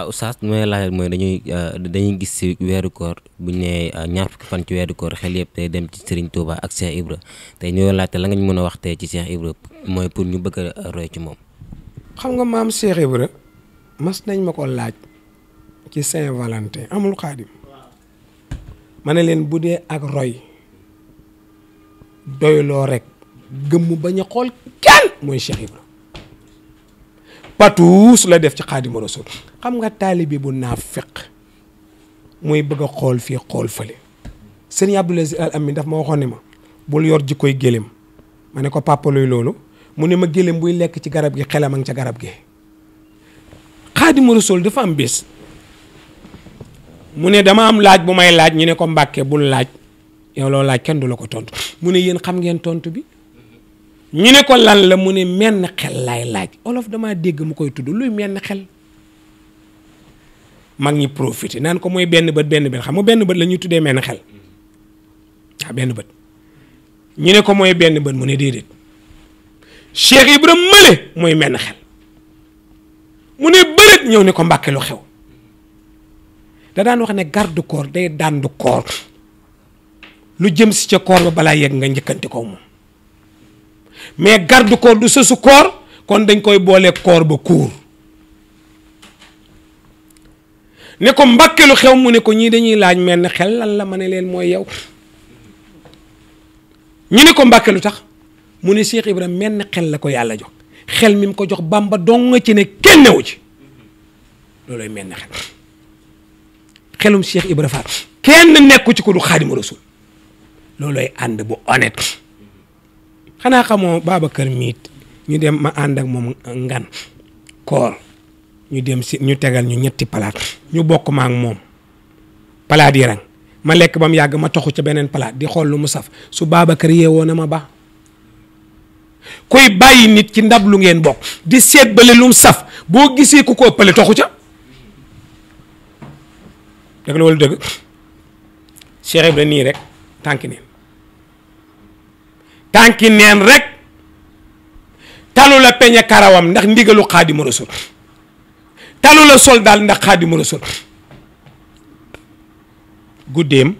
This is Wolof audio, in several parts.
waaw oustaz nu may mooy dañuy euh, dañuy gis si weeru koor bu ñu nee euh, ñaar fukki fan ci weeru koor xel yëpp tey dem ci Serigne Touba ak Cheikh Ibra tey ñoo laajte la nga ñu mën a wax tey ci Cheikh Ibra mooy pour ñu bëgg a euh, roy ci moom. xam nga maam Cheikh Ibra mas nañ ma ko laaj ci Saint-Valentin ma ne leen bu dee ak roy doyloo rek gëmm bañ a xool kenn mooy Cheikh Ibra. patuus la def ci xaadimu rasul xam nga taalibe bu naafeq muy bëgg xool fii xool fële sëñ Abdou Aziz Al Amine daf ma waxoon ni ma bul yor jikkoy gélem ma ne ko papa loolu mu ne ma gélem buy lekk ci garab gi xelam a ngi ca garab gi xaadimu rasul dafa am bés mu ne dama am laaj bu may laaj ñu ne ko mbàkke bul laaj yow loo laaj kenn du la ko tontu mu ne yéen xam ngeen tontu bi ñu ne ko lan la mu ne menn xel laay laaj olof damaa dégg mu koy tudd luy menn xel mag ñi profité naan ko mooy benn bët benn bët xam nga benn bët la ñuy tuddee menn xel waaw ah, benn bët ñu ne ko mooy benn bët mu ne déedéet Cheikh Ibrahima mooy menn xel mu ne ñëw ne ko mbàkke lu xew da daan wax ne garde corps day dànd koor lu jëm si ca corps ba balaa yegg nga njëkkanti ko moom. mais garde corps du sosu koor kon dañ koy boole koor ba kuur ne ko mbàkke xew mu ne ko ñii dañuy laaj mel ne xel lan la ma ne leen mooy yow ñu ne ko mbàkke lu tax mu ne Cheikh Ibrahima mel ne xel la ko yàlla jox xel mi ko jox bamba dong ci ne kenn newu ci looloy mel na xel xelum Cheikh Ibrahima kenn nekku ci ko du xaadima rasul looloy ànd bu honnête xanaa xamoo kër miit ñu dem ma ànd ak moom ngan koor ñu dem si ñu tegal ñu ñetti palaat ñu bokk ma ak moom palaat yi rang ma lekk ba mu yàgg ma toxu ca beneen palaat di xool lu mu saf su Babacar yeewoo na ma ba kuy bàyyi nit ci ndab lu ngeen bokk di seet bële lu mu saf boo gisee ku ko ëppale toxu ca dëgg la wala dëgg Cheikh Ibrahima nii rek tànki neen tànki neen rek talu la peñe karawam ndax ndigalu xaadimu rasul talu la sol daal ndax xaadimu rasul guddeem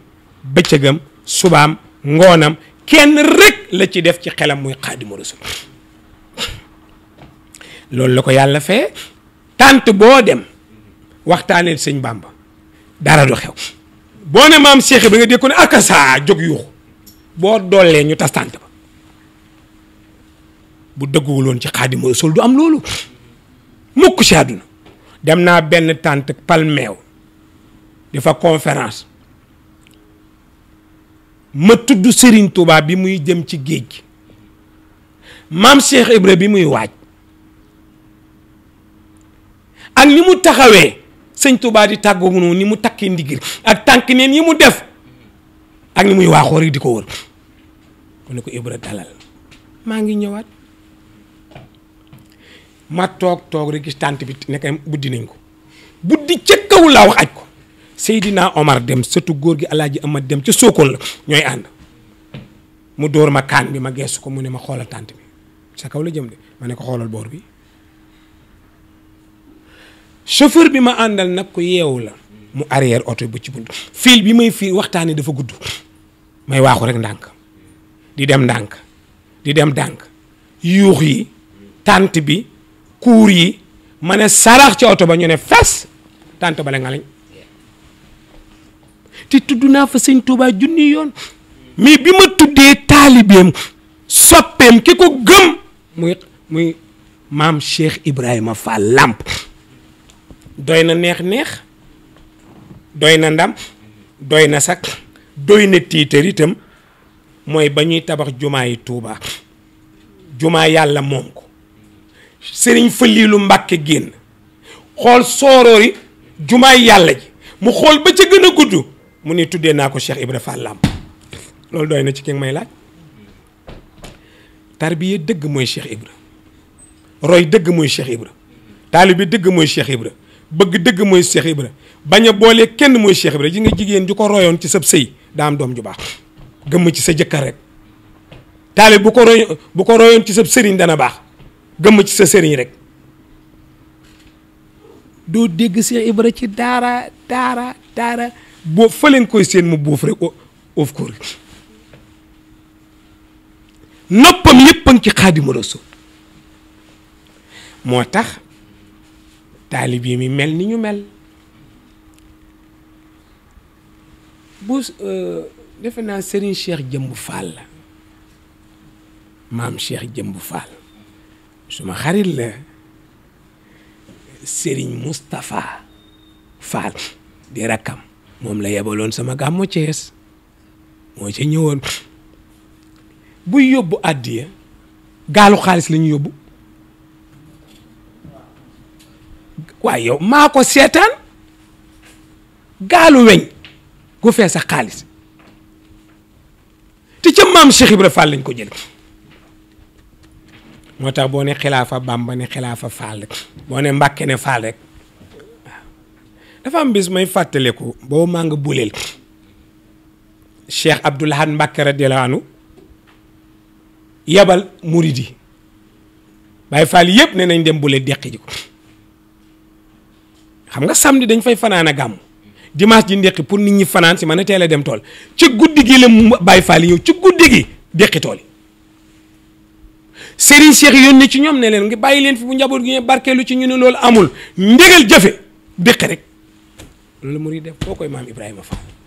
bëccëgam subaam ngoonam kenn rek la ci def ci xelam muy xaadimu rasul loolu la ko yàlla fee tant boo dem waxtaanee sëñ Bàmba dara du xew boo ne maam Cheikh bi nga dégg ko ne akasa jóg yuuxu boo doolee ñu tas tant ba bu dëgguwuloon woon ci xaadimu rasul du am loolu mukk ci àdduna dem naa benn tànt palmew di fa conférence ma tudd sëriñ Touba bi muy jëm ci géej gi maam Cheikh Ibra bi muy waaj ak ni mu taxawee sëñ Touba di tàggu noonu ni mu takkee ndigir ak tànk neen yi mu def ak ni muy waaxoo rek di ko wër mu ne ko Ibra dalal maa ngi ñëwaat ma toog toog rek gis tànt bi nekk buddi nañ ko buddi ca kaw laa wax aj ko Seydina Omar dem sëtu góor gi Alaaji Amad dem ca Sokone la ñooy ànd mu dóor ma kaan bi ma geesu ko mu ne ma xoolal tànt bi sa kaw la jëm de ma ne ko xoolal boor bi chauffeur bi ma àndal nag ko yeewu la mu arrière oto bu ci bunt fiil bi may fii waxtaanee dafa gudd may waaxu rek ndànk di dem ndànk di dem ndànk yuux yi tànt bi kuur yi ma saraax sarax ci oto ba ñu ne fes tànt bale nga lañ te tudd naa fa sëñ Tuubaa junni yoon mais bi ma tuddee taalibeem soppeem ki ko gëm muy muy maam Cheikh Ibrahima Fall làmp doy na neex-neex doy na ndam doy na sak doy na tiitar itam mooy ba ñuy tabax jumaa yi Tuubaa jumaa yàlla moom ko sëriñ Faliilu Mbàkke génn xool sooroori jumaay yàlla ji mu xool ba ca gën a gudd mu ne tuddee naa ko Cheikh Ibra Fall Lamp loolu doy na ci ki nga may laaj tarbiye dëgg mooy Cheikh Ibra roy dëgg mooy Cheikh Ibra taalibe dëgg mooy Cheikh Ibra bëgg dëgg mooy Cheikh Ibra bañ a boole kenn mooy Cheikh Ibra ji nga jigéen ju ko royoon ci sab sëy daa am doom ju baax gëmm ci sa jëkkër rek taalibe bu ko bu ko royoon ci sab sëriñ dana baax gëmm ci sa sëriñ rek doo dégg Cheikh Ibra ci daara daara daara boo fa leen koy seen mu buuf rek of koor noppam yëpp a ngi ci Xaadimu Rasuul moo tax taalib mi mel ni ñu mel bu euh, defe naa seriñ Cheikh Jëmb Fall la maam Cheikh Jëmb Fall suma xarit la Serigne Moustapha Fall di rakkam moom la yebaloon sama gàmmu Cees moo ca ñëwoon buy yóbbu àddiya gaalu xaalis la ñu yóbbu waaye yow maa ko seetaan gaalu weñ gu fees xaalis te ca maam Cheikh Ibra Fall lañ ko jël moo tax boo ne xilaafa bàmba ne xilaafa faal rek boo ne mbàkke ne faal rek waaw dafa am bis may fàttaliku boobu maa nga buleel cheikh Abdoul Ahad Mbàkke radiyallaahu anhu yebal murid yi Baay Faal yëpp ne nañ dem buleel deqi ji ko xam nga samedi dañ fay fanaan a gàmm dimanche ji ndéqi pour nit ñi fanaan si mën a teel a dem tool ci guddi gi la Baay Faal yi ñëw ci guddi gi deqi tool yi Serigne Cheikh yónnee ci ñom ne leen ngi bàyyi leen fi bu njaboot gi ñu barkeelu ci ñu ne loolu amul ndigal jëfe dëkk rek loolu la murid def koo koy maam Ibrahima Fall.